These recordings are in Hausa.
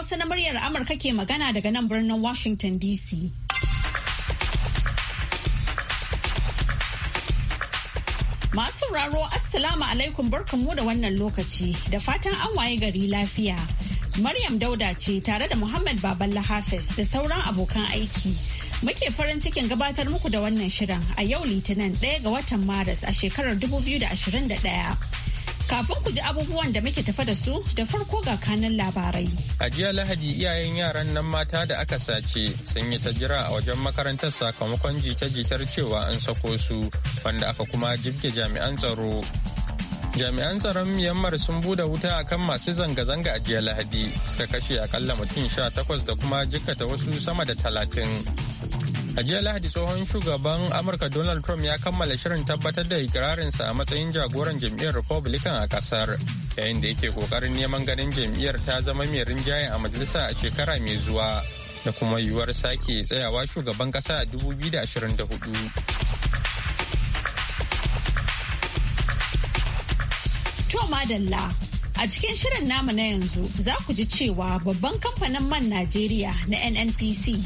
wasu na muryar Amurka ke magana daga nan birnin Washington DC. Masu sauraro Assalamu alaikum barkanmu da wannan lokaci da fatan an waye gari lafiya. Maryam Dauda ce tare da Muhammad Baballa Hafiz da sauran abokan aiki. Muke farin cikin gabatar muku da wannan shirin a yau Litinin ɗaya ga watan Maris a shekarar 2021. Kafin ku ji abubuwan da muke tafa da su da farko ga kanan labarai. A jiya Lahadi iyayen yaran nan mata da aka sace sun yi ta jira a wajen makarantar sakamakon jita-jitar cewa an sako su wanda aka kuma jibge jami'an tsaro. Jami'an tsaron Myanmar sun bude wuta a kan masu zanga-zanga a jiya Lahadi suka kashe akalla mutum sha takwas da kuma jikkata wasu sama da talatin. A jiya Lahadi tsohon shugaban Amurka Donald Trump ya kammala shirin tabbatar da ikirarinsa a matsayin jagoran jam'iyyar Republican a kasar, yayin da yake kokarin neman ganin jam'iyyar ta zama mai rinjaye a majalisa a shekara mai zuwa da kuma yiwuwar sake tsayawa shugaban kasa a 2024. To madalla A cikin shirin namu na yanzu za ku ji cewa babban kamfanin man Najeriya na NNPC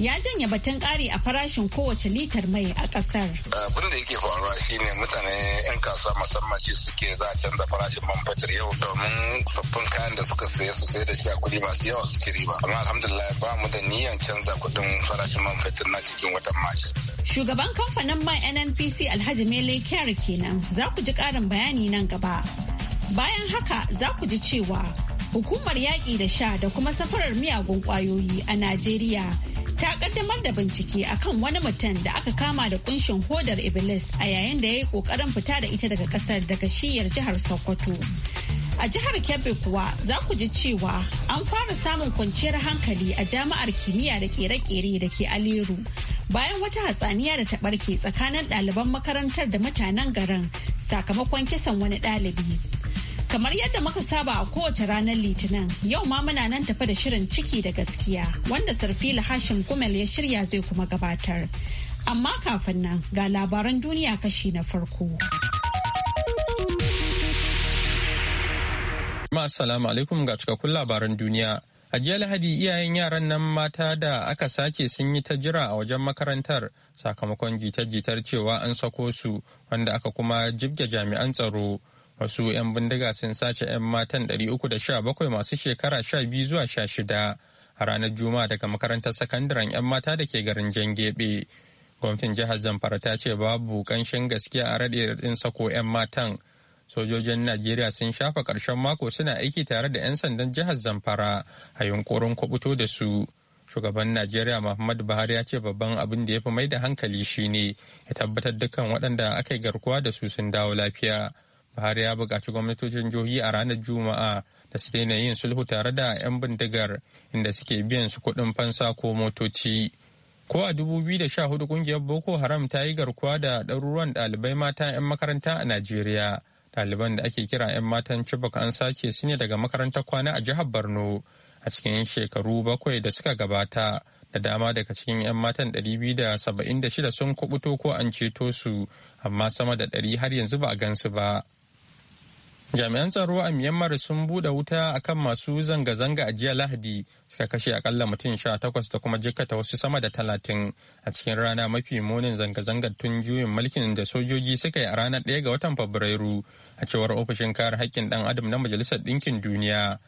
ya janye batun ƙari a farashin kowace litar mai a ƙasar. Abin da yake faruwa shine mutane 'yan kasuwa musamman shi suke za a canza farashin man fetur yau domin sabbin kayan da suka saye su sai da shi a kuɗi masu yawa suke riba. Amma alhamdulillah ba mu da niyyar canza kuɗin farashin man fetur na cikin watan Maris. Shugaban kamfanin man NNPC Alhaji Mele Kyari kenan za ku ji ƙarin bayani nan gaba. Bayan haka za ku ji cewa hukumar yaƙi da sha da kuma safarar miyagun ƙwayoyi a Najeriya ta kaddamar da bincike akan wani mutum da aka kama da kunshin hodar iblis a yayin da ya yi kokarin fita da ita daga kasar daga shiyar jihar sokoto a jihar kebbi kuwa za ku ji cewa an fara samun kwanciyar hankali a jami'ar kimiyya da kere-kere da ke aliru bayan wata hatsaniya da ta barke tsakanin ɗaliban makarantar da mutanen garin sakamakon kisan wani ɗalibi Kamar yadda muka saba a kowace ranar Litinin, yau ma muna nan tafa da shirin ciki da gaskiya wanda Sarfila Hashim Gumel ya shirya zai kuma gabatar. Amma kafin nan ga labaran duniya kashi na farko. Assalamu alaikum ga cikakkun labaran duniya. A jiya Lahadi iyayen yaran nan mata da aka sake sun yi ta jira a wajen makarantar sakamakon jita-jitar cewa an sako su wanda aka kuma jibge jami'an tsaro. wasu 'yan bindiga sun sace 'yan matan 317 masu shekara 12 zuwa 16 a ranar juma'a daga makarantar sakandaren 'yan mata da ke garin jangebe gwamnatin jihar zamfara ta ce babu kanshin gaskiya a raɗe-raɗin sako 'yan matan sojojin najeriya sun shafa ƙarshen mako suna aiki tare da 'yan sandan jihar zamfara a yunkurin kubuto da su shugaban najeriya muhammadu buhari ya ce babban abin da ya fi mai da hankali shine ya tabbatar dukkan waɗanda aka yi garkuwa da su sun dawo lafiya Buhari ya buƙaci gwamnatocin jihohi a ranar Juma'a da su daina yin sulhu tare da 'yan bindigar inda suke biyan su kuɗin fansa ko motoci. Ko a 2014 ƙungiyar Boko Haram ta yi garkuwa da ɗaruruwan ɗalibai mata 'yan makaranta a Najeriya. Ɗaliban da ake kira 'yan matan Chibok an sake su ne daga makarantar kwana a jihar Borno a cikin shekaru bakwai da suka gabata. Da dama daga cikin 'yan matan 276 sun kubuto ko an ceto su, amma sama da 100 har yanzu ba a gansu ba. Jami'an tsaro a Myanmar sun buɗe wuta akan masu zanga-zanga a jiya Lahadi suka kashe akalla mutum sha takwas da kuma jikkata wasu sama da talatin a cikin rana mafi munin zanga-zangar tun juyin mulkin da sojoji suka yi a ranar ɗaya ga watan Fabrairu a cewar ofishin kare haƙƙin ɗan adam na Majalisar Ɗinkin Duniya.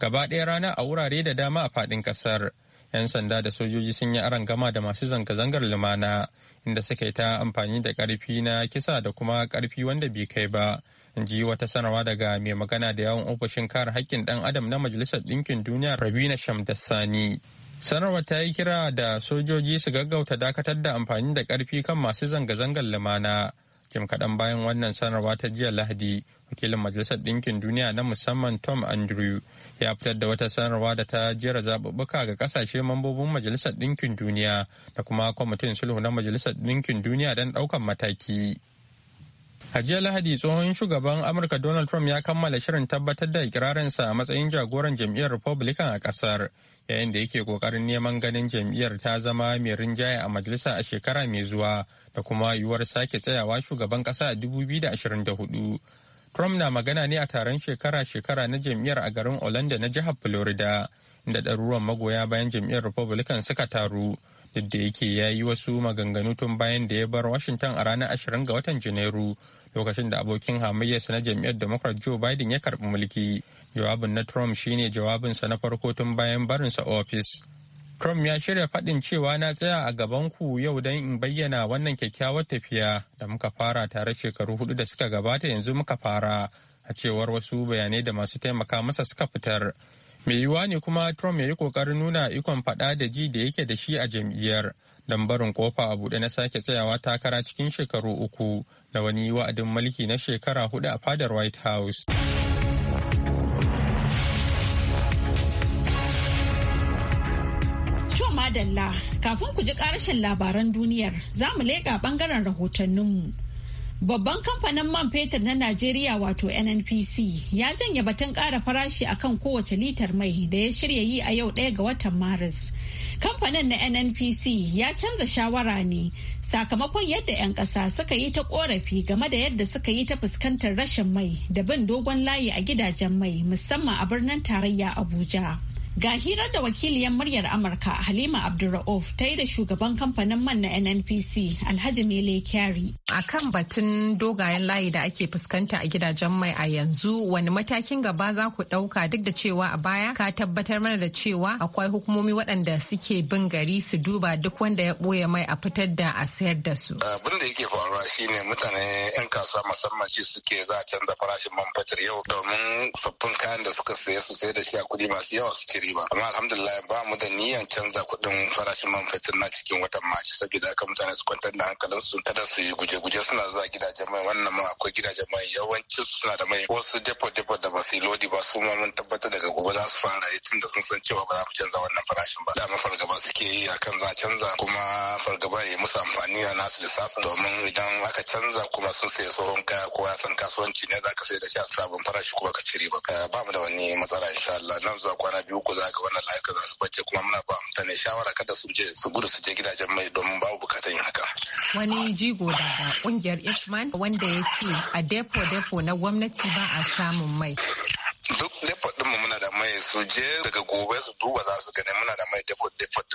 Gaba ɗaya rana a wurare da dama a faɗin ƙasar. 'Yan sanda da sojoji sun yi gama da masu zanga-zangar lumana inda suka yi ta amfani da ƙarfi na kisa da kuma ƙarfi wanda bai kai ba. in ji wata sanarwa daga mai magana da yawon ofishin kare haƙƙin ɗan adam na majalisar ɗinkin duniya rabina shamdasani sanarwa ta yi kira da sojoji su gaggauta dakatar da amfani da ƙarfi kan masu zanga-zangar lumana jim kaɗan bayan wannan sanarwa ta jiya lahadi wakilin majalisar ɗinkin duniya na musamman tom andrew ya fitar da wata sanarwa da ta jera zaɓuɓɓuka ga ƙasashe mambobin majalisar ɗinkin duniya da kuma kwamitin sulhu na majalisar ɗinkin duniya don ɗaukan mataki A jiya Lahadi tsohon shugaban Amurka Donald Trump ya kammala shirin tabbatar da ikirarinsa a matsayin jagoran jam'iyyar Republican a ƙasar, yayin da yake ƙoƙarin neman ganin jam'iyyar ta zama mai rinjaye a majalisa a shekara mai zuwa da kuma yiwuwar sake tsayawa shugaban ƙasa a 2024. Trump na magana ne a taron shekara-shekara na jam'iyyar a garin Orlando na jihar Florida, inda ɗaruruwan magoya bayan jam'iyyar Republican suka taru. duk da yake ya yi wasu maganganu tun bayan da ya bar washington a ranar 20 ga watan janairu lokacin da abokin hamayyarsa na jam'iyyar democrat joe biden ya karbi mulki jawabin na trump shine jawabinsa na farko tun bayan barinsa ofis trump ya shirya faɗin cewa na tsaya a gaban ku yau don in bayyana wannan kyakkyawar tafiya da muka fara tare shekaru hudu da suka gabata yanzu muka fara a cewar wasu bayanai da masu taimaka masa suka fitar mai yiwuwa ne kuma trump ya yi kokarin nuna ikon faɗa da ji da yake da shi a jam'iyyar don barin kofa a buɗe na sake tsayawa takara cikin shekaru uku da wani wa'adin mulki na shekara hudu a fadar white house madalla kafin ku ji karashin labaran duniyar za mu leƙa ɓangaren rahotanninmu. Babban kamfanin man fetur na Najeriya wato NNPC ya janye batun ƙara farashi akan kowace litar mai da ya shirya yi a yau ɗaya ga watan Maris. Kamfanin na NNPC ya canza shawara ne sakamakon yadda 'yan ƙasa suka yi ta ƙorafi game da yadda suka yi ta fuskantar rashin mai da bin dogon layi a gidajen mai musamman a birnin tarayya Abuja. Ga hirar da wakiliyar muryar Amurka Halima Abdulra'uf ta yi da shugaban kamfanin man na NNPC Alhaji Mele Kyari. a kan batun dogayen layi da ake fuskanta a gidajen mai a yanzu wani matakin gaba za ku ɗauka duk da cewa a baya ka tabbatar mana da cewa akwai hukumomi waɗanda suke bin gari su duba duk wanda ya ɓoye mai a fitar da a sayar da su. abin da yake faruwa shine mutane 'yan kasuwa musamman shi suke za a canza farashin man fetur yau domin sabbin kayan da suka saye su sayar da shi a kuɗi masu yawa su ci riba amma alhamdulillah ba mu da niyyar canza kuɗin farashin man fetur na cikin watan maci saboda haka mutane su kwantar da hankalinsu kada su yi guje Abuja suna zuwa gidajen mai wannan ma akwai gidajen mai yawanci suna da mai wasu depo depo da ba yi lodi ba su ma mun tabbatar daga gobe za su fara yi tunda sun san cewa ba za mu canza wannan farashin ba. Dama fargaba suke yi akan za canza kuma fargaba ya musu amfani a nasu lissafin domin idan aka canza kuma sun sayi tsohon kaya ko ya san kasuwanci ne za ka sai da shi a sabon farashi kuma ka cire ba. Eh, ba mu da wani matsala insha Allah nan zuwa kwana biyu ko za ga wannan layuka za su bace kuma muna ba mutane shawara kada su je su gudu su je gidajen mai domin babu bukatan yin haka. Wani jigo da kungiyar Ipman wanda ya ce a depo-depo na gwamnati ba a samun mai. depo su je daga gobe su duba za su gani muna da mai depot depot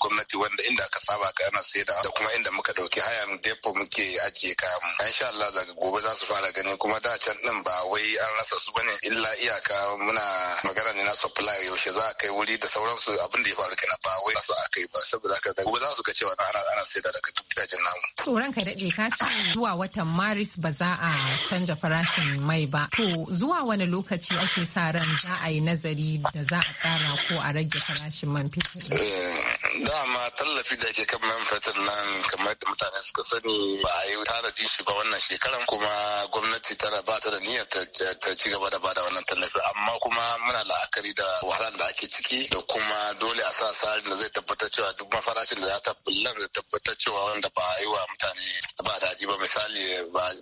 gwamnati wanda inda aka saba ka ana saida da kuma inda muka dauki hayan depot muke ajiye kayan mu insha Allah daga gobe za su fara gani kuma da can din ba wai an rasa su bane illa iyaka muna magana ne na supply yaushe za a kai wuri da sauransu abin da ya faru kenan ba wai su a kai ba saboda haka daga gobe za su ga cewa ana ana saida daga duk gidajen namu tsoron ka dade ka ce zuwa watan maris ba za a canja farashin mai ba to zuwa wani lokaci ake sa ran za a yi nazari da za a kara ko a rage farashin man fetur eh, dama tallafi da ke kan man fetur nan kamar da mutane suka sani ba a yi tara shi ba wannan shekaran kuma gwamnati tana ba ta da niyyar ta ci gaba da ba da wannan tallafi amma kuma muna la'akari da wahalar da ake ciki da kuma dole a sa tsarin da zai tabbatar cewa duk mafarashin da za ta bullar da tabbatar cewa wanda ba a yi wa mutane ba daji ba misali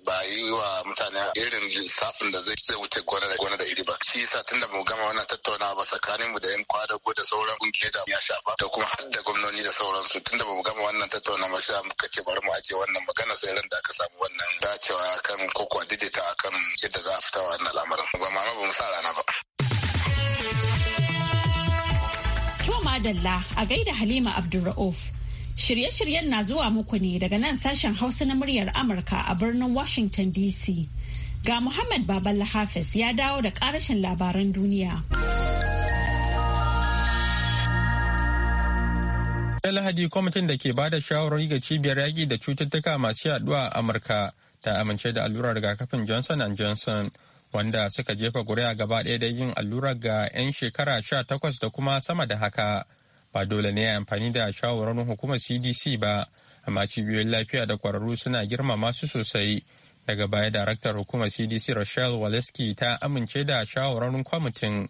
ba a yi wa mutane irin lissafin da zai wuce gona da iri ba shi yasa tunda mu gama wannan tattauna tattauna ba tsakanin mu da yan ko da sauran kungiyoyi da ya shafa da kuma har da gwamnoni da sauransu tunda ba mu gama wannan tattauna ba sai muka ce bari mu aje wannan magana sai ran da aka samu wannan dacewa kan ko didita akan yadda za a fita wa wannan al'amarin ba ma ba mu sa rana ba. Madalla a gaida Halima Abdulra'uf. Shirye-shiryen na zuwa muku ne daga nan sashen Hausa na muryar Amurka a birnin Washington DC. Ga Muhammad Baballa Hafiz ya dawo da karashin labaran duniya. Ta Lahadi kwamitin da ke bada shawarwari ga cibiyar yaƙi da cututtuka masu yaduwa a Amurka ta amince da allurar rigakafin Johnson Johnson wanda suka jefa ƙuri'a gaba ɗaya da yin allurar ga 'yan shekara sha takwas da kuma sama da haka. Ba dole ne a amfani da shawarar hukumar CDC ba, amma cibiyoyin lafiya da ƙwararru suna girmama su sosai. daga baya daraktar hukumar cdc rochelle waleski ta amince da shawararin kwamitin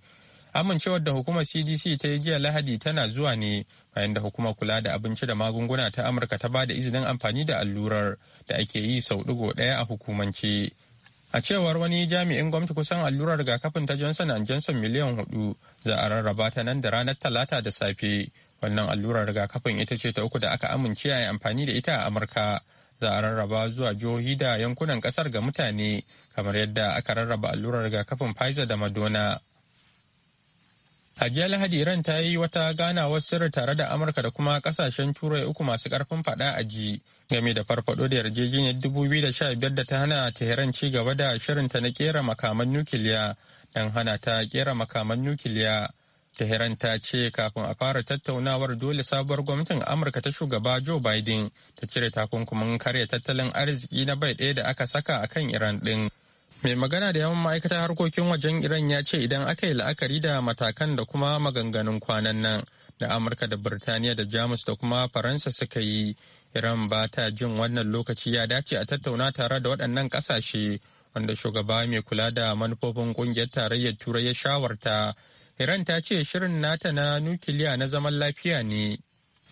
amincewar da hukumar cdc ta yi jiya lahadi tana zuwa ne bayan da hukumar kula da abinci da magunguna ta amurka ta ba da izinin amfani da allurar da ake yi sau digo daya a hukumance a cewar wani jami'in gwamnati kusan allurar rigakafin ta johnson johnson miliyan hudu za a rarraba ta nan da ranar talata da safe wannan allurar rigakafin ita ce ta uku da aka amince a yi amfani da ita a amurka za a rarraba zuwa jihohi da yankunan kasar ga mutane kamar yadda aka rarraba allurar ga kafin Pfizer da Madonna. Hajiya Lahadi Iran ta yi wata ganawar sirri tare da Amurka da kuma kasashen Turai uku masu karfin fada a ji game da farfado da yarjejeniyar dubu biyu da da ta hana Tehran ci gaba da shirinta na kera makaman nukiliya don hana ta kera makaman nukiliya. Tehran ta ce kafin a fara tattaunawar dole sabuwar gwamnatin Amurka ta shugaba Joe Biden ta cire takunkumin karya tattalin arziki na bai ɗaya da aka saka a kan Iran ɗin. Mai magana da yawan ma'aikatar harkokin wajen Iran ya ce idan aka yi la'akari da matakan da kuma maganganun kwanan nan da Amurka da Birtaniya da Jamus da kuma Faransa suka yi, Iran ba ta jin wannan lokaci ya dace a tattauna tare da waɗannan ƙasashe wanda shugaba mai kula da manufofin ƙungiyar tarayyar Turai ya shawarta Iran ta ce shirin nata na nukiliya na zaman lafiya ne.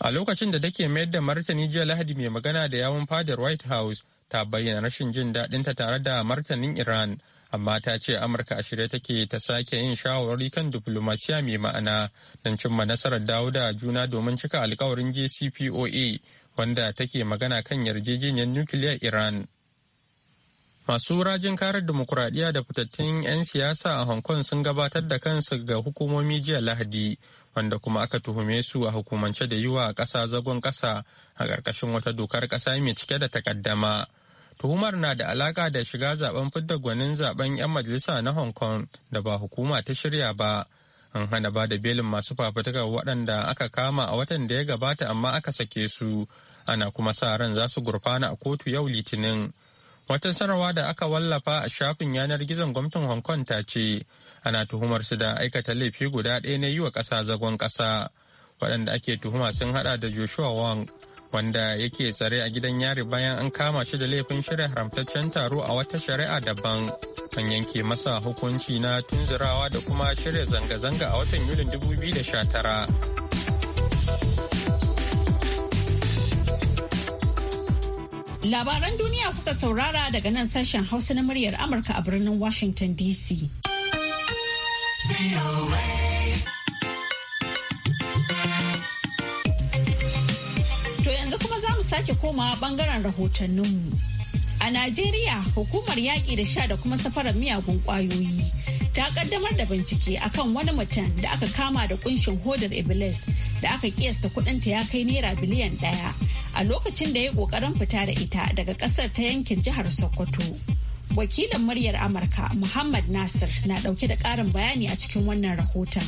A lokacin da take mayar da martani jiya Lahadi mai magana da yawun fadar White House ta bayyana rashin jin daɗinta tare da martanin Iran, amma ta ce Amurka a shirye take ta sake yin shawarwari kan diplomasiya mai ma'ana don cimma nasarar dawo da juna domin cika alkawarin JCPOA wanda take magana kan yarjejeniyar nukiliyar Iran. Masu rajin karar dimokuraɗiyya da fitattun 'yan siyasa a Hong Kong sun gabatar da kansu ga hukumomi jiya Lahadi, wanda kuma aka tuhume su a hukumance da yiwa a ƙasa zagon ƙasa a ƙarƙashin wata dokar ƙasa mai cike da takaddama. Tuhumar na da alaƙa da shiga zaben fidda gwanin zaben 'yan majalisa na Hong Kong da ba hukuma ta shirya ba. an hana ba da belin masu fafutukar waɗanda aka kama a watan da ya gabata amma aka sake su ana kuma sa ran za su gurfana a kotu yau litinin Wata sarawa da aka wallafa a shafin yanar gizon gwamnatin Hong Kong ta ce ana tuhumar su da aikata laifi guda ɗaya na yi wa ƙasa zagon ƙasa. Waɗanda ake tuhuma sun haɗa da Joshua Wong wanda yake tsare a gidan yari bayan an kama shi da laifin shirya haramtaccen taro a wata shari'a daban. An yanke masa hukunci na tunzurawa da kuma shirya zanga-zanga a watan Yulin 2019. Labaran duniya kuka saurara daga nan sashen Hausa na muryar Amurka a birnin Washington DC. To yanzu kuma za mu sake komawa bangaren rahotanninmu. A Najeriya, hukumar yaƙi da sha da kuma safarar miyagun ƙwayoyi ta ƙaddamar da bincike akan wani mutum da aka kama da kunshin hodar Iblis da aka kiyasta kudinta ya kai naira biliyan ɗaya. a lokacin da ya kokarin fita da ita daga kasar ta yankin jihar Sokoto. Wakilin muryar Amurka Muhammad Nasir na dauke da karin bayani a cikin wannan rahoton.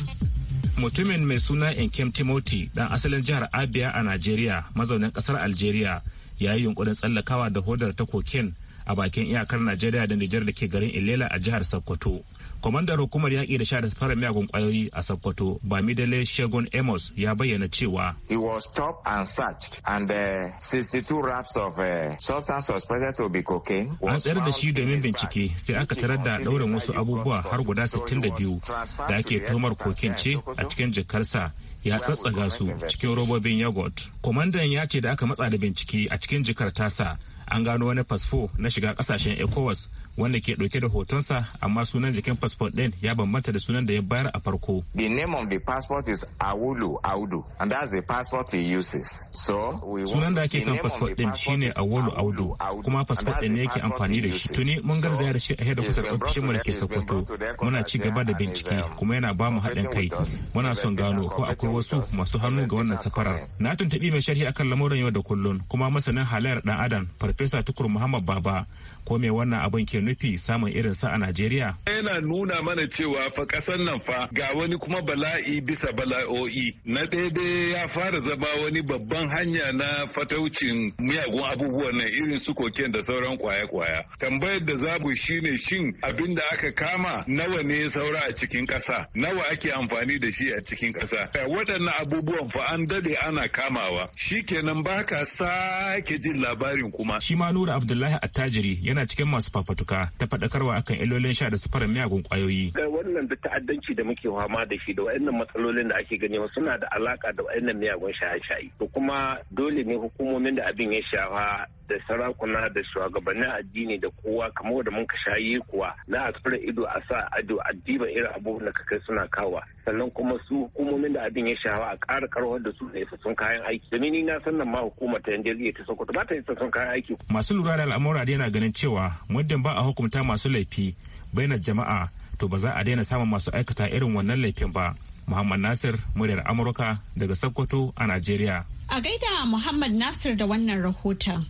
Mutumin mai suna Inkem Timothy dan asalin jihar Abia a Najeriya mazaunin kasar Algeria ya yi yunkurin tsallakawa da hodar ta koken a bakin iyakar Najeriya da Nijar da ke garin Ilela a jihar Sokoto. kwamandan hukumar yaƙi da sha da fara miyagun ƙwayoyi a sokoto midale shegun amos ya bayyana cewa he was stopped and searched and uh, 62 wraps of uh, substance suspected to be cocaine an tsayar da shi domin bincike sai aka tarar da ɗaurin wasu abubuwa har guda 62 da ake tuhumar kokin ce a cikin jikarsa ya tsatsaga su cikin robobin yogurt kwamandan ya ce da aka matsa da bincike a cikin jikar tasa an gano wani fasfo na shiga kasashen ecowas wanda ke dauke da hotonsa amma sunan jikin passport din ya bambanta da sunan da ya bayar a farko. The name of the passport is Awulu Audu and that's the passport he uses. So sunan da ake kan passport din shine Awolu Audu kuma passport din ne yake amfani da shi tuni mun garzaya da shi a da kusa ofishin mu ke Sokoto muna ci gaba da bincike um, kuma yana ba mu haɗin kai muna son gano ko akwai wasu masu hannu ga wannan safarar. Na tuntubi mai sharhi akan lamuran yau da kullun kuma masanin halayyar dan adam Farfesa Tukur Muhammad Baba ko me wannan abin ke nufi samun irin su a Najeriya? Yana nuna mana cewa fa ƙasar nan fa ga wani kuma bala'i bisa bala'o'i. Na daidai ya fara zama wani babban hanya na fataucin miyagun abubuwan nan irin su koken da sauran kwaya-kwaya. Tambayar da zabu shine shin abin da aka kama nawa ne saura a cikin kasa Nawa ake amfani da shi a cikin kasa ƙasa? Waɗannan abubuwan fa an dade ana kamawa. Shikenan baka sake jin labarin kuma. Shi ma Nura Abdullahi Attajiri yana cikin masu fafatuka amurka ta faɗakarwa akan ilolin sha da sufarin miyagun kwayoyi wannan da ta'addanci da muke fama da shi da wa'annan matsalolin da ake gani suna da alaka da wa'annan miyagun shaye-shaye to kuma dole ne hukumomin da abin ya shafa da sarakuna da shugabannin addini da kowa kamar da mun ka shaye kuwa na a ido a sa ado a diba irin abubuwan da kakai suna kawa sannan kuma su hukumomin da abin ya shawa a ƙara karwar da su da isassun kayan aiki domin ni na san ma hukumar ta yanzu ta sokoto ba ta isassun kayan aiki. masu lura da al'amura dai na ganin cewa muddin ba a hukunta masu laifi na jama'a to ba za a daina samun masu aikata irin wannan laifin ba muhammad nasir muryar amurka daga sokoto a najeriya. a gaida muhammad nasir da wannan rahoton.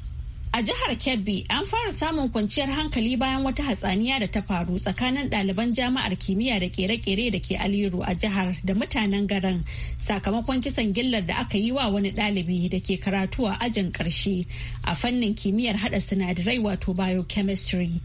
A jihar Kebbi an fara samun kwanciyar hankali bayan wata hatsaniya da ta faru tsakanin ɗaliban jami'ar kimiyya da kere-kere da ke Aliru a jihar da mutanen garin sakamakon kisan gillar da aka yi wa wani ɗalibi da ke karatu a ajin ƙarshe a fannin kimiyyar haɗa sinadarai wato biochemistry.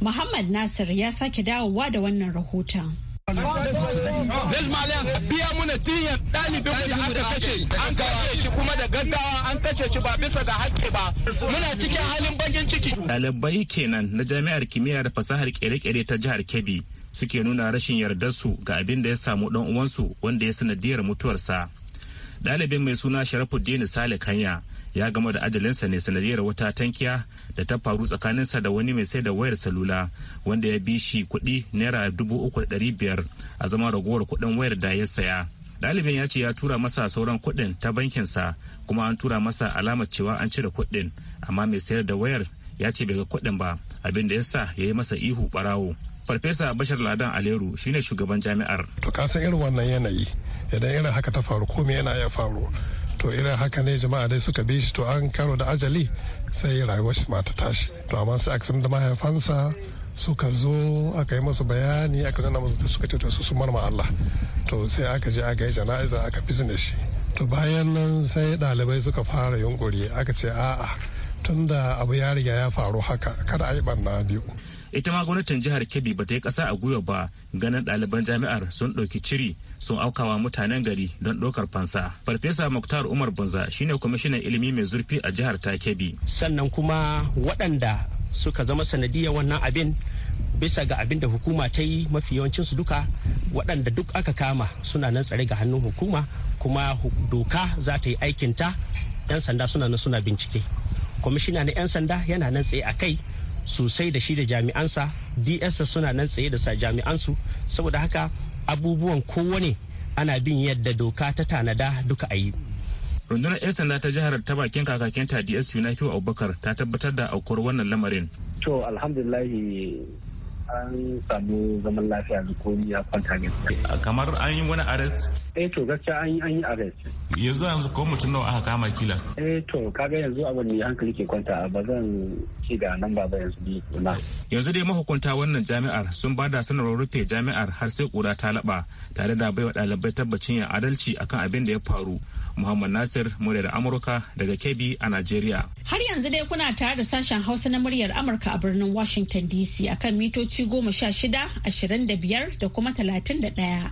Muhammad Nasir ya sake dawowa da wannan rahoton. Zilmaliyan biya muna tiyan ɗalibinmu da aka kashe an kashe shi kuma da gaggawa an kashe shi ba bisa da haƙƙi ba muna cikin halin bakin ciki. Ɗalibai kenan na jami'ar kimiyya da fasahar kere-kere ta jihar Kebbi suke nuna rashin yardar su ga abin da ya samu ɗan uwansu wanda ya sanadiyar mutuwarsa. Ɗalibin mai suna Sharafuddin Sale Kanya ya gama da ajalinsa ne sanadiyar wata tankiya da ta faru tsakaninsa da wani mai sai da wayar salula wanda ya bi shi kuɗi naira dubu uku da ɗari biyar a zama ragowar kuɗin wayar da ya saya ɗalibin ya ce ya tura masa sauran kuɗin ta bankinsa kuma an tura masa alamar cewa an cire kuɗin amma mai sayar da wayar ya ce bai ga kuɗin ba abin da ya sa ya yi masa ihu ɓarawo farfesa bashar ladan aleru shine shugaban jami'ar to ka san irin wannan yanayi idan irin haka ta faru komai yana ya faru to irin haka ne jama'a dai suka bi shi to an karo da ajali sai rayuwar shi ma ta tashi to amma sai aka da mahaifansa suka zo aka yi masu bayani aka nuna masu suka ce to su marma Allah to sai aka je aka yi jana'iza aka bizne shi to bayan nan sai ɗalibai suka fara yunkuri aka ce a'a tunda abu ya riga ya faru haka kada a yi barna biyu. ita ma gwamnatin jihar kebbi ba ta yi kasa a gwiwa ba ganin ɗaliban jami'ar sun ɗauki ciri sun aukawa mutanen gari don ɗaukar fansa farfesa muktar umar banza shine kwamishinan ilimi mai zurfi a jihar ta kebbi sannan kuma waɗanda suka zama sanadiyar wannan abin bisa ga abin da hukuma ta yi mafi yawancin su duka waɗanda duk aka kama suna nan tsare ga hannun hukuma kuma doka za ta yi aikinta 'yan sanda suna nan suna bincike kwamishina na 'yan sanda yana nan tsaye a kai sosai da shi da jami'ansa ds suna nan tsaye da jami'ansu saboda haka abubuwan kowane ana bin yadda doka ta tanada duka a yi rundunar 'yan sanda ta jihar ta bakin kakakin ta ds yunafiu abubakar ta tabbatar da aukuwar wannan lamarin to an samu zaman lafiya da komi ya kwanta Kamar an yi wani arrest? Eh to gaskiya an yi an yi arrest. Yanzu yanzu ko mutum nawa aka kama kila? Eh to kaga yanzu abin da hankali ke kwanta ba zan ci da nan ba yanzu bi na. Yanzu dai mahukunta wannan jami'ar sun ba da sanarwar rufe jami'ar har sai kura ta laba tare da baiwa ɗalibai tabbacin yin adalci akan abin da ya faru. Muhammad Nasir muryar Amurka daga Kebbi a Najeriya. Har yanzu dai kuna tare da sashen Hausa na muryar Amurka a birnin Washington DC akan mitoci mitoci goma sha shida ashirin da biyar da kuma talatin da ɗaya.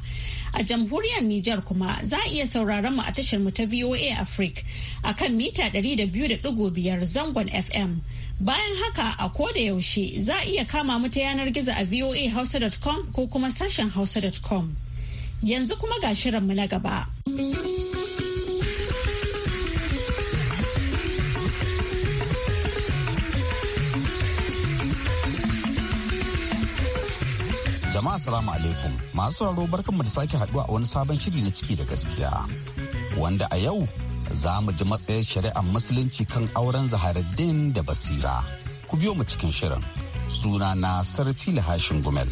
A jamhuriyar Nijar kuma za a iya sauraron mu a tashar mu ta VOA Africa a kan mita ɗari da biyu da ɗigo biyar zangon FM. Bayan haka a koda yaushe za a iya kama mu ta yanar gizo a voahausa.com ko kuma sashen hausa.com. Yanzu kuma ga shirin mu na gaba. Jama'a salamu alaikum masu sauraro barkanmu da sake haduwa a wani sabon shiri na ciki da gaskiya. Wanda a yau za mu ji matsayar shari'ar musulunci kan auren Zaharaddin da Basira. Ku biyo mu cikin shirin. Suna na Sarfi Lahashin Gumel.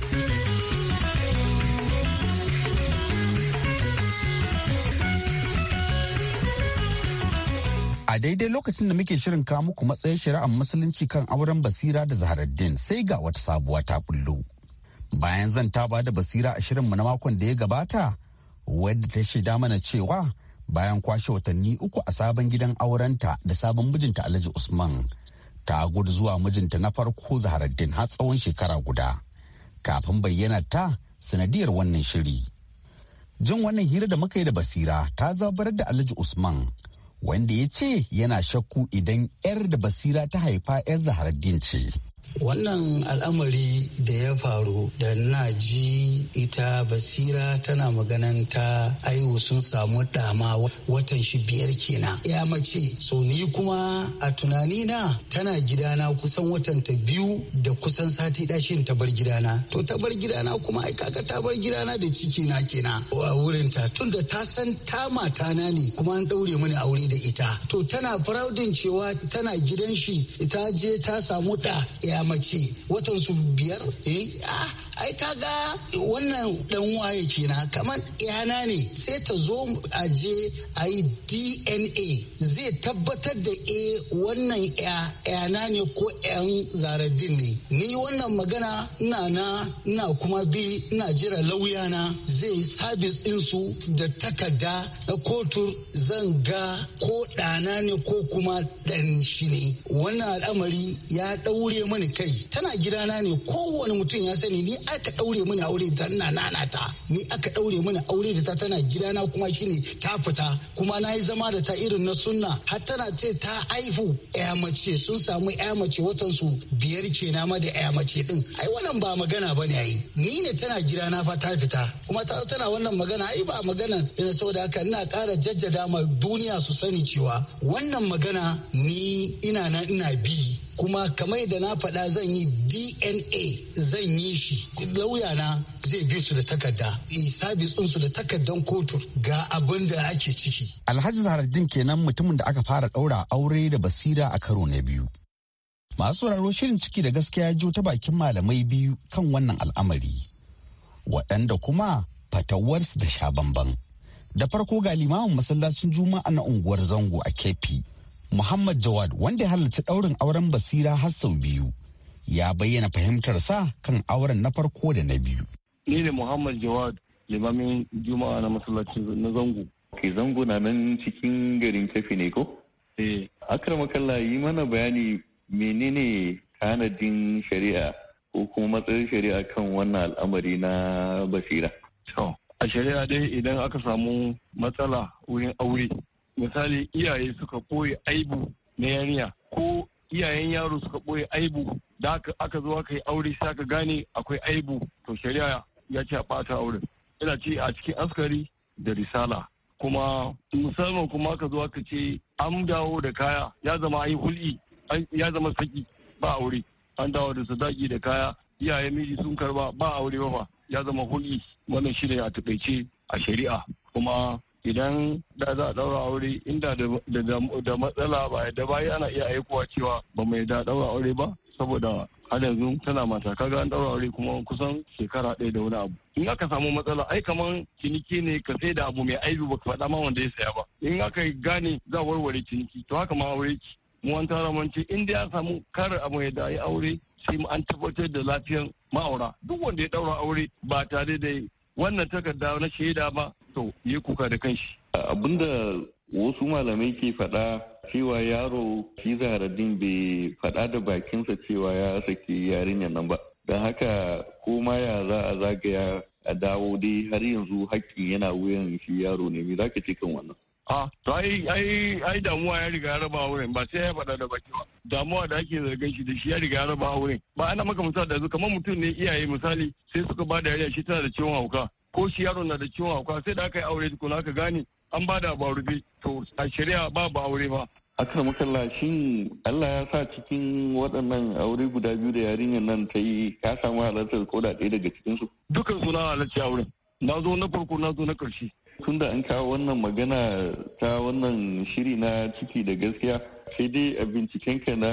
A daidai lokacin da muke shirin kawo muku matsayin shari'ar musulunci kan auren basira da zaharaddin sai ga wata sabuwa ta kullu. bayan zan taba da basira a shirinmu na makon da ya gabata wadda ta shaida mana cewa bayan kwashe watanni uku a sabon gidan aurenta da sabon mijinta alhaji usman ta gudu zuwa mijinta na farko zaharaddin har tsawon shekara guda kafin bayyana ta sanadiyar wannan shiri jin wannan hira da muka yi da basira ta zabar da alhaji usman wanda ya ce yana shakku idan 'yar da basira ta haifa 'yar zaharaddin ce wannan al'amari da ya faru da na ji ita basira tana maganan ta aiwu sun samu dama watan shi biyar kenan ya mace so ni kuma a tunani na tana gidana kusan watan ta biyu da kusan sati dashin ta bar gidana to ta bar gidana kuma ai kaga ta bar gidana da ciki na kenan a wurin ta tunda ta san ta mata na ne kuma an daure mani aure da ita to tana faraudin cewa tana gidan shi ta je ta samu da ya mace watan su biyar eh ah, ai kaga wannan dan waye kenan kamar yana ne sai ta zo a je a yi dna zai tabbatar da e wannan yana ne ko yan zaradin ne ni wannan magana na na na kuma bi na jira lauya na zai sabis ɗinsu da takarda na kotu zan ga ko ɗana ne ko kuma ɗan shi ne wannan al'amari ya ɗaure mani kai tana gidana ne kowane mutum ya sani ni aka ɗaure mini aure ta ina nana ta ni aka ɗaure mini aure da ta tana gidana kuma shine ta fita kuma na yi zama da ta irin na sunna har tana ce ta haifu ya mace sun samu ya mace watan su biyar na ma da ya mace din ai wannan ba magana ba ne ai ni ne tana gidana fa ta fita kuma ta tana wannan magana ai ba magana ina saboda haka ina kara jajjada ma duniya su sani cewa wannan magana ni ina na ina bi kuma kamar da na faɗa zan yi dna zan yi shi lauya na zai bi su da takarda sabis su da takardan kotu ga abin da ake ciki alhaji zaharaddin kenan mutumin da aka fara ɗaura aure da basira a karo na biyu masu sauraro shirin ciki da gaskiya jo ta bakin malamai biyu kan wannan al'amari waɗanda kuma fatawarsu da sha bamban da farko ga limamin masallacin juma'a na unguwar zango a kefi Muhammad Jawad wanda ya halarci ɗaurin auren basira har sau biyu ya bayyana fahimtarsa kan auren na farko da na biyu. Ni ne Muhammad Jawad limamin juma'a na masallacin na zango. Ke zango na nan cikin garin kafi ne ko? Eh. Akramakalla yi mana bayani menene tanadin shari'a ko kuma matsayin shari'a kan wannan al'amari na basira. a shari'a dai idan aka samu matsala wurin aure misali iyaye suka ɓoye aibu na yarinya ko iyayen yaro suka ɓoye aibu da aka zo aka yi aure sai aka gane akwai aibu to shari'a ya ce a ɓata auren ina ce a cikin askari da risala kuma musamman kuma aka zo aka ce an dawo da kaya ya zama ai hulɗi, ya zama saki ba aure an dawo da sadaki da kaya iyayen miji sun karba ba aure ba ya zama hulɗi. wannan shi ne a taƙaice a shari'a kuma idan da za a daura aure inda da matsala ba da bayi ana iya aikowa cewa ba mai da daura aure ba saboda har yanzu tana mata kaga an daura aure kuma kusan shekara ɗaya da wani abu in aka samu matsala ai kaman ciniki ne ka sai da abu mai aibi ka faɗa ma wanda ya saya ba in aka gane za warware ciniki to haka ma aure ki mu an tara ce in dai an samu karar abu mai da aure sai an tabbatar da lafiyar ma'aura duk wanda ya ɗaura aure ba tare da wannan takarda na shaida ba to ya kuka da kanshi abinda wasu malamai ke faɗa cewa yaro shi zaradin bai faɗa da bakinsa cewa ya saki yarinyar nan ba don haka ko ma ya za a zagaya a dawo dai har yanzu hakkin yana wuyan shi yaro ne za zaka ce kan wannan a to ai ai ai damuwa ya riga ya raba wurin ba sai ya faɗa da baki ba damuwa da ake zargin shi da shi ya riga ya raba wurin ba ana maka misali da kamar mutum ne iyaye misali sai suka ba da yarinya shi tana da ciwon hauka ko shi yaro na da ciwon akwa sai da aka yi aure tukuna aka gane an ba da to a shari'a ba ba aure ba akan makalla shin Allah ya sa cikin waɗannan aure guda biyu da yarinyar nan ta yi ya samu halartar koda ɗaya daga cikinsu dukan suna halarci auren na zo na farko na zo na ƙarshe tunda an kawo wannan magana ta wannan shiri na ciki da gaskiya sai dai bincikenka na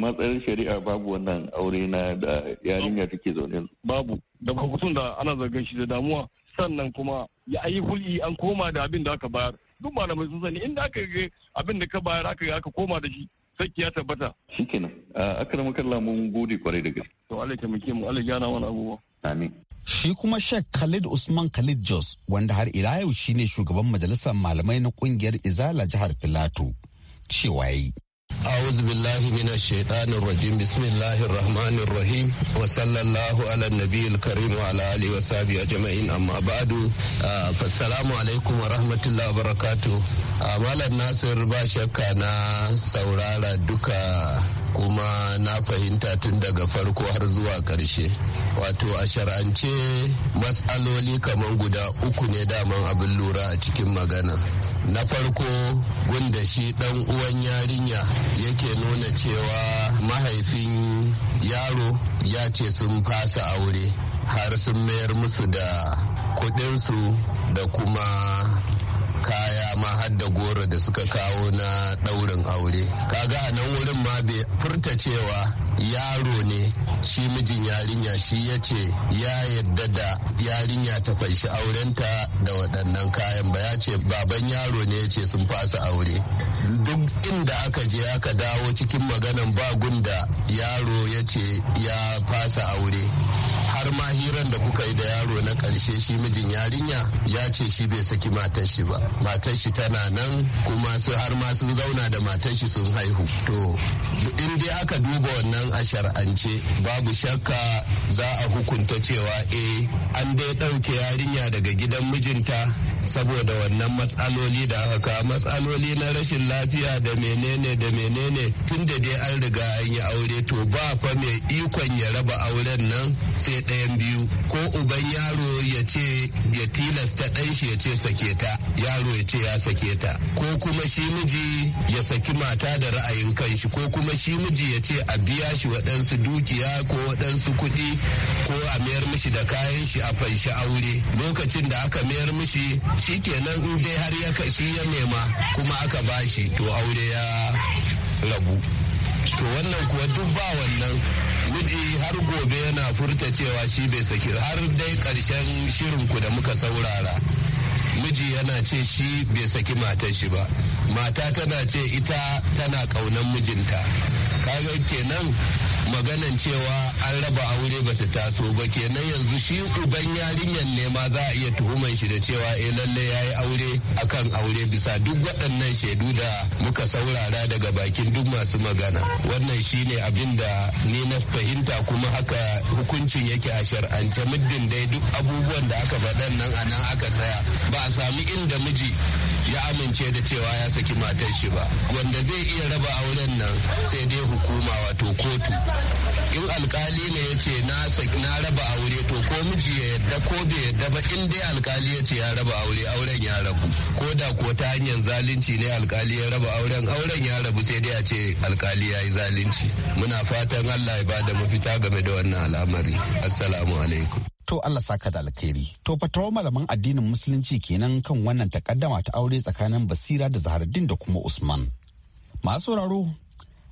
matsayin shari'a babu wannan aure na da yarinya take zaune babu da kwakwasun da ana zargin shi da damuwa sannan kuma ya ayi hulɗi an koma da abin da aka bayar duk malamai sun sani inda aka ga abin da ka bayar aka aka koma da shi saki ya tabbata shikenan akrama kallon mun gode kwarai da gaske to Allah ya taimake mu Allah ya gyara abubuwa amin Shi kuma Sheikh Khalid Usman Khalid Jos wanda har ila yau shine shugaban majalisar malamai na kungiyar Izala jihar Filato cewa yi. أعوذ بالله من الشيطان الرجيم بسم الله الرحمن الرحيم وصلى الله على النبي الكريم وعلى آله وصحبه أجمعين أما بعد فالسلام عليكم ورحمة Malam Nasir ba shakka na saurara duka kuma na fahimta tun daga farko har zuwa ƙarshe. Wato a shar'ance matsaloli kamar guda uku ne daman abin lura a cikin magana. na farko gunda shi dan uwan yarinya yake nuna cewa mahaifin yaro ya ce sun fasa aure har sun mayar musu da kudinsu da kuma kaya ma har da goro da suka kawo na ɗaurin aure kaga a nan wurin ma bai furta cewa yaro ne shi mijin yarinya shi ya ce ya yadda da yarinya ta fashi aurenta da waɗannan kayan ba ya ce baban yaro ne ya ce sun fasa aure duk inda aka je aka dawo cikin maganan ba da yaro ya ce ya fasa aure har ma hiran da kuka yi da yaro na karshe shi mijin yarinya ya ce shi bai saki matar shi ba matar shi tana nan kuma su har ma sun zauna da matar shi sun haihu to in dai aka duba wannan a shar'ance babu shakka za a hukunta cewa eh an dai ɗauke yarinya daga gidan mijinta saboda wannan matsaloli da aka kawo matsaloli na rashin lafiya da menene da menene tun da dai an riga an yi aure to ba fa mai ikon ya raba auren nan sai ɗayan biyu ko uban yaro ya ce ya tilasta ɗan shi ya ce sake ta yaro ya ce ya sake ta ko kuma shi miji ya saki mata da ra'ayin kanshi ko kuma shi miji ya ce a biya shi waɗansu dukiya ko waɗansu kuɗi ko a mayar mishi da kayan shi a fanshi aure lokacin da aka mayar mishi shi kenan in dai har ya shi ya nema kuma aka bashi to aure ya rabu to wannan kuwa duk ba wannan miji har gobe yana furta cewa shi bai saki har dai karshen shirinku da muka saurara miji yana ce shi bai saki matar shi ba mata tana ce ita tana kaunan mijinta kaga kenan maganan cewa an raba aure bata ta taso ba kenan yanzu shi uban yarinyar ne ma za a iya tuhumar shi da cewa eh lalle ya yi aure akan aure bisa duk waɗannan shaidu da muka saurara daga bakin duk masu magana wannan shine abin da ni na fahimta kuma haka hukuncin yake a shar'ance muddin dai duk abubuwan da aka faɗan nan a nan aka tsaya ba a sami inda miji ya amince da cewa ya saki matar shi ba wanda zai iya raba auren nan sai dai hukuma wato kotu in alkali ne ya ce na raba aure to ko miji ya yadda ko bai yadda ba in dai alkali ya ce ya raba aure auren ya rabu ko da ko ta hanyar zalunci ne alkali ya raba auren auren ya rabu sai dai a ce alkali ya yi zalunci muna fatan allah ya bada mafita game da wannan al'amari assalamu alaikum To Allah saka da alkhairi. To fatawar malaman addinin musulunci kenan kan wannan takaddama ta aure tsakanin Basira da Zaharuddin da kuma Usman. Masu sauraro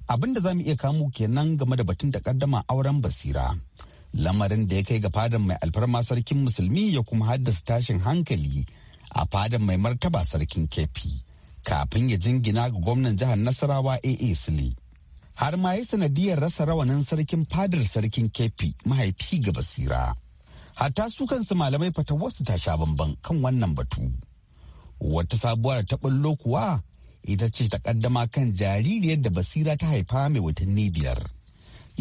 abin da za mu iya kamo kenan game da batun takaddama auren Basira. Lamarin da ya kai ga fadan mai alfarma sarkin musulmi ya kuma haddasa tashin hankali a fadan mai martaba sarkin kefi kafin ya jingina ga gwamnan jihar Nasarawa AA Sule. Har ma ya sanadiyar rasa rawanin sarkin fadar sarkin kefi mahaifi ga Basira. hatta su kansu malamai fatawarsu ta sha bamban kan wannan batu wata sabuwar ta ɓallo kuwa ita ce ta kaddama kan jaririyar da basira ta haifa mai watanni biyar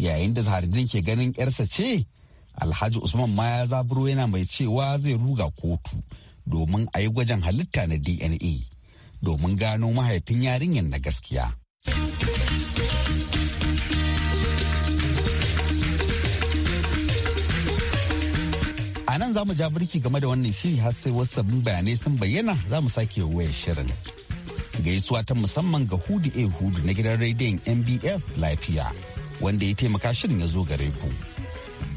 yayin da zaharjin ke ganin yarsa ce alhaji usman ma ya zaburo yana mai cewa zai ruga kotu domin a yi gwajin halitta na dna domin gano mahaifin yarinyar na gaskiya A nan za mu ja birki game da wannan shiri har sai wasu sabbin bayanai sun bayyana za mu sake wayar shirin. Gaisuwa ta musamman ga Hudu A Hudu na gidan rediyon MBS Lafiya wanda ya taimaka shirin ya zo gare ku.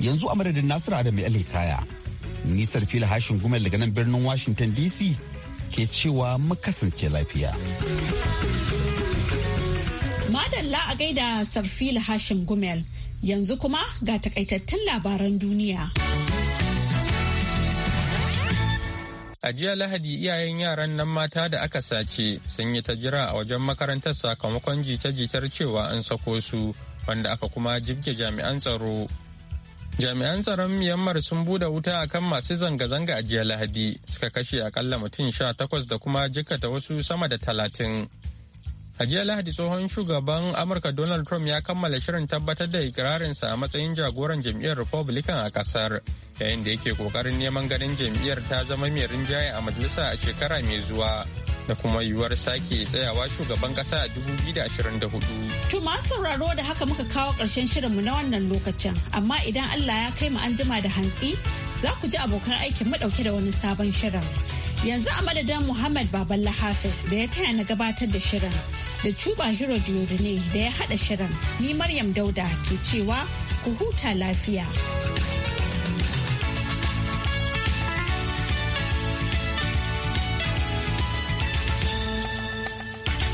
Yanzu a madadin Nasiru Adamu kaya nisar fila hashin gumel daga nan birnin Washington DC ke cewa mu kasance lafiya. Madalla a gaida Sarfil Hashin Gumel yanzu kuma ga takaitattun labaran duniya. A jiya Lahadi iyayen yaran nan mata da aka sace sun yi ta jira a wajen makarantar sakamakon jita-jitar cewa an sako su wanda aka kuma jibge jami'an tsaro. Jami'an tsaron Myanmar sun buɗe wuta akan masu zanga-zanga a jiya Lahadi suka kashe akalla mutum sha takwas da kuma jikkata wasu sama da talatin. A jiya Lahadi tsohon shugaban Amurka Donald Trump ya kammala shirin tabbatar da ikirarinsa a matsayin jagoran jam'iyyar Republican a ƙasar. yayin da yake kokarin neman ganin jam'iyyar ta zama mai rinjaye a majalisa a shekara mai zuwa da kuma yiwuwar sake tsayawa shugaban kasa a 2024. To masu sauraro da haka muka kawo ƙarshen shirinmu na wannan lokacin, amma idan Allah ya kai mu an jima da hantsi za ku ji abokan aikin mu dauke da wani sabon shirin. Yanzu a madadin Muhammad Baballa Hafiz da ya taya na gabatar da shirin da Cuba Hiro Diodune da ya hada shirin, ni Maryam Dauda ke cewa ku huta lafiya.